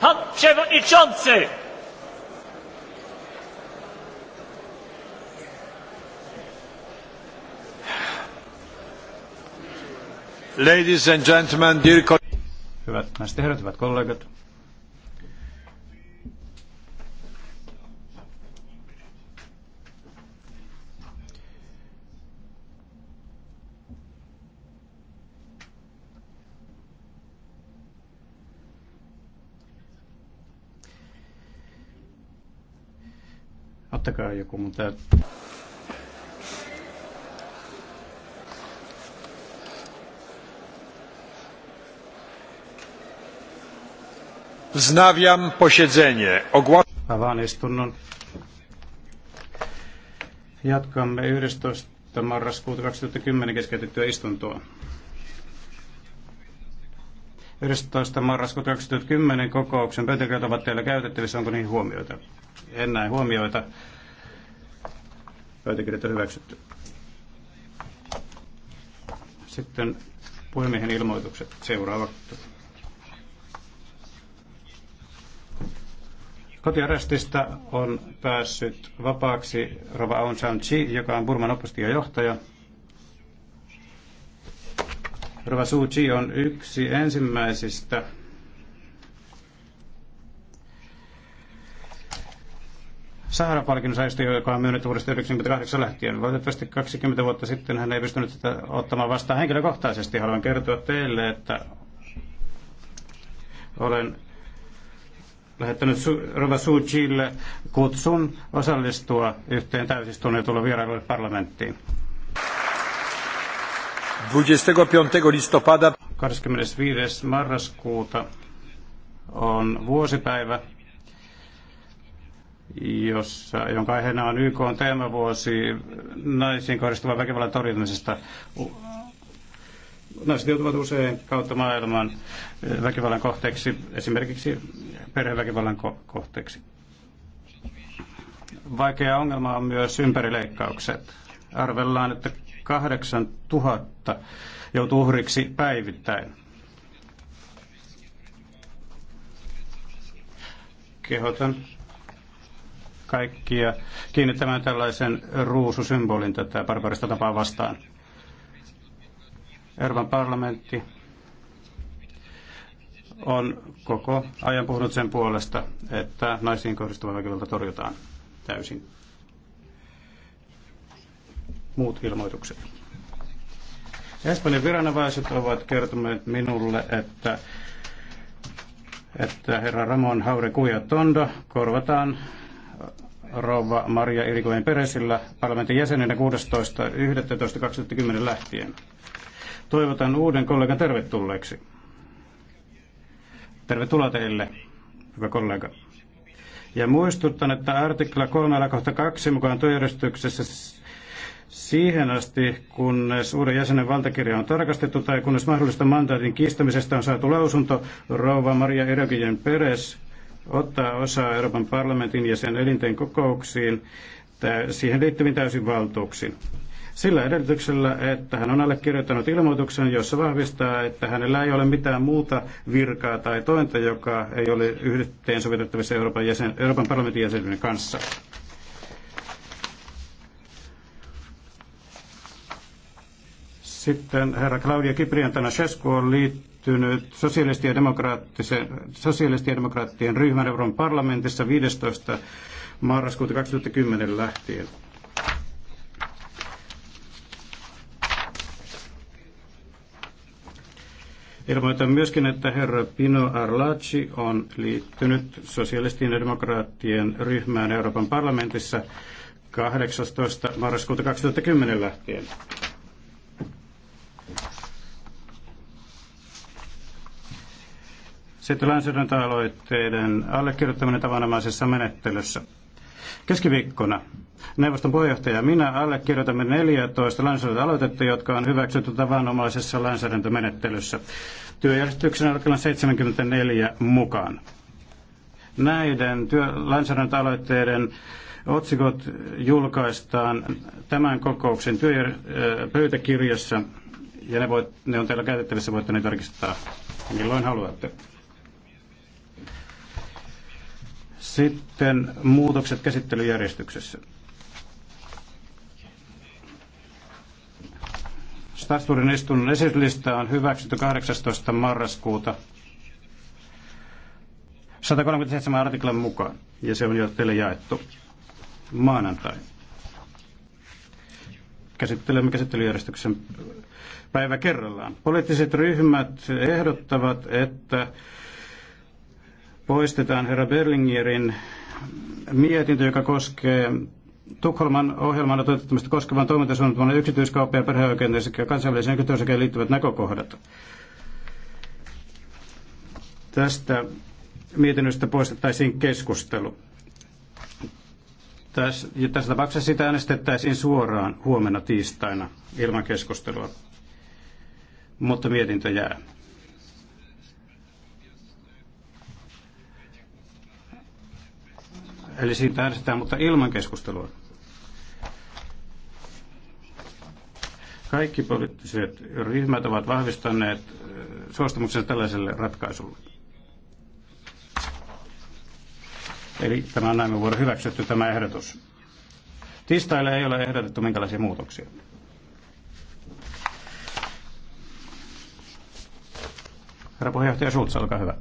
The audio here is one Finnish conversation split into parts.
Pan Przewodniczący! Ladies and gentlemen, dear Hyvät naiset ja herrat, hyvät kollegat. ottakaa joku mun tää... Znawiam posiedzenie. Avaan istunnon. Jatkamme 11. marraskuuta 2010 keskeytettyä istuntoa. 11. marraskuuta 2010 kokouksen pöytäkirjat ovat teillä käytettävissä. Onko niihin huomioita? En näe huomioita. Pöytäkirjat on hyväksytty. Sitten puhemiehen ilmoitukset seuraavaksi. Kotiarestista on päässyt vapaaksi Rova Aung San Chi, joka on Burman oppositiojohtaja. Rova Suu Chi on yksi ensimmäisistä Sahara-palkinnon joka on myönnetty vuodesta 1998 lähtien. Valitettavasti 20 vuotta sitten hän ei pystynyt sitä ottamaan vastaan henkilökohtaisesti. Haluan kertoa teille, että olen lähettänyt Rova Suchille kutsun osallistua yhteen täysistunnolle tulla vierailulle parlamenttiin. 25. 25. marraskuuta on vuosipäivä jossa, jonka aiheena on YK on teemavuosi naisiin kohdistuvan väkivallan torjumisesta. Naiset joutuvat usein kautta maailman eh, väkivallan kohteeksi, esimerkiksi perheväkivallan ko- kohteeksi. Vaikea ongelma on myös ympärileikkaukset. Arvellaan, että 8000 joutuu uhriksi päivittäin. Kehotan kaikkia kiinnittämään tällaisen ruususymbolin tätä barbarista tapaa vastaan. Euroopan parlamentti on koko ajan puhunut sen puolesta, että naisiin kohdistuva väkivalta torjutaan täysin. Muut ilmoitukset. Espanjan viranomaiset ovat kertoneet minulle, että, että herra Ramon Haure Tondo korvataan rouva Maria Irikoen Peresillä parlamentin jäsenenä 16.11.2010 lähtien. Toivotan uuden kollegan tervetulleeksi. Tervetuloa teille, hyvä kollega. Ja muistutan, että artikla 3.2 mukaan työjärjestyksessä siihen asti, kunnes uuden jäsenen valtakirja on tarkastettu tai kunnes mahdollista mandaatin kiistämisestä on saatu lausunto, rouva Maria Irigoyen Peres ottaa osaa Euroopan parlamentin ja sen elinten kokouksiin siihen liittyviin täysin valtuuksiin. Sillä edellytyksellä, että hän on allekirjoittanut ilmoituksen, jossa vahvistaa, että hänellä ei ole mitään muuta virkaa tai tointa, joka ei ole yhteensovitettavissa Euroopan, jäsen, Euroopan parlamentin jäsenyyden kanssa. Sitten herra Claudia Kiprian Tanasescu on liittynyt sosialisti- ja, demokraattien ryhmän Euroopan parlamentissa 15. marraskuuta 2010 lähtien. Ilmoitan myöskin, että herra Pino Arlacci on liittynyt sosialistien ja demokraattien ryhmään Euroopan parlamentissa 18. marraskuuta 2010 lähtien. Sitten lainsäädäntöaloitteiden allekirjoittaminen tavanomaisessa menettelyssä. Keskiviikkona neuvoston puheenjohtaja minä allekirjoitamme 14 lainsäädäntöaloitetta, jotka on hyväksytty tavanomaisessa lainsäädäntömenettelyssä työjärjestyksen artiklan 74 mukaan. Näiden työ- lainsäädäntöaloitteiden otsikot julkaistaan tämän kokouksen työjär- pöytäkirjassa ja ne, voit, ne on teillä käytettävissä, voitte ne tarkistaa milloin haluatte. Sitten muutokset käsittelyjärjestyksessä. Strasbourgin istunnon esityslista on hyväksytty 18. marraskuuta 137 artiklan mukaan, ja se on jo teille jaettu maanantai. Käsittelemme käsittelyjärjestyksen päivä kerrallaan. Poliittiset ryhmät ehdottavat, että poistetaan herra Berlingerin mietintö, joka koskee Tukholman ohjelman toteuttamista koskevan toimintasuunnitelman yksityiskauppa- ja perheoikeuden sekä kansainvälisen yksityisoikeuteen liittyvät näkökohdat. Tästä mietinnöstä poistettaisiin keskustelu. Tässä, tässä tapauksessa sitä äänestettäisiin suoraan huomenna tiistaina ilman keskustelua, mutta mietintö jää. Eli siitä äänestetään, mutta ilman keskustelua. Kaikki poliittiset ryhmät ovat vahvistaneet suostumuksen tällaiselle ratkaisulle. Eli tämä on näin vuoden hyväksytty tämä ehdotus. Tiistaille ei ole ehdotettu minkälaisia muutoksia. Herra puheenjohtaja Schulz, olkaa hyvä.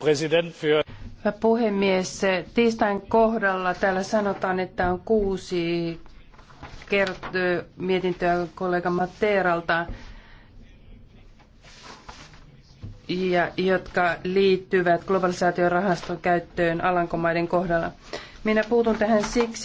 President für Hyvä puhemies, tiistain kohdalla täällä sanotaan, että on kuusi kert- mietintöä kollega Matteeralta, ja, jotka liittyvät globalisaatiorahaston käyttöön Alankomaiden kohdalla. Minä puutun tähän siksi,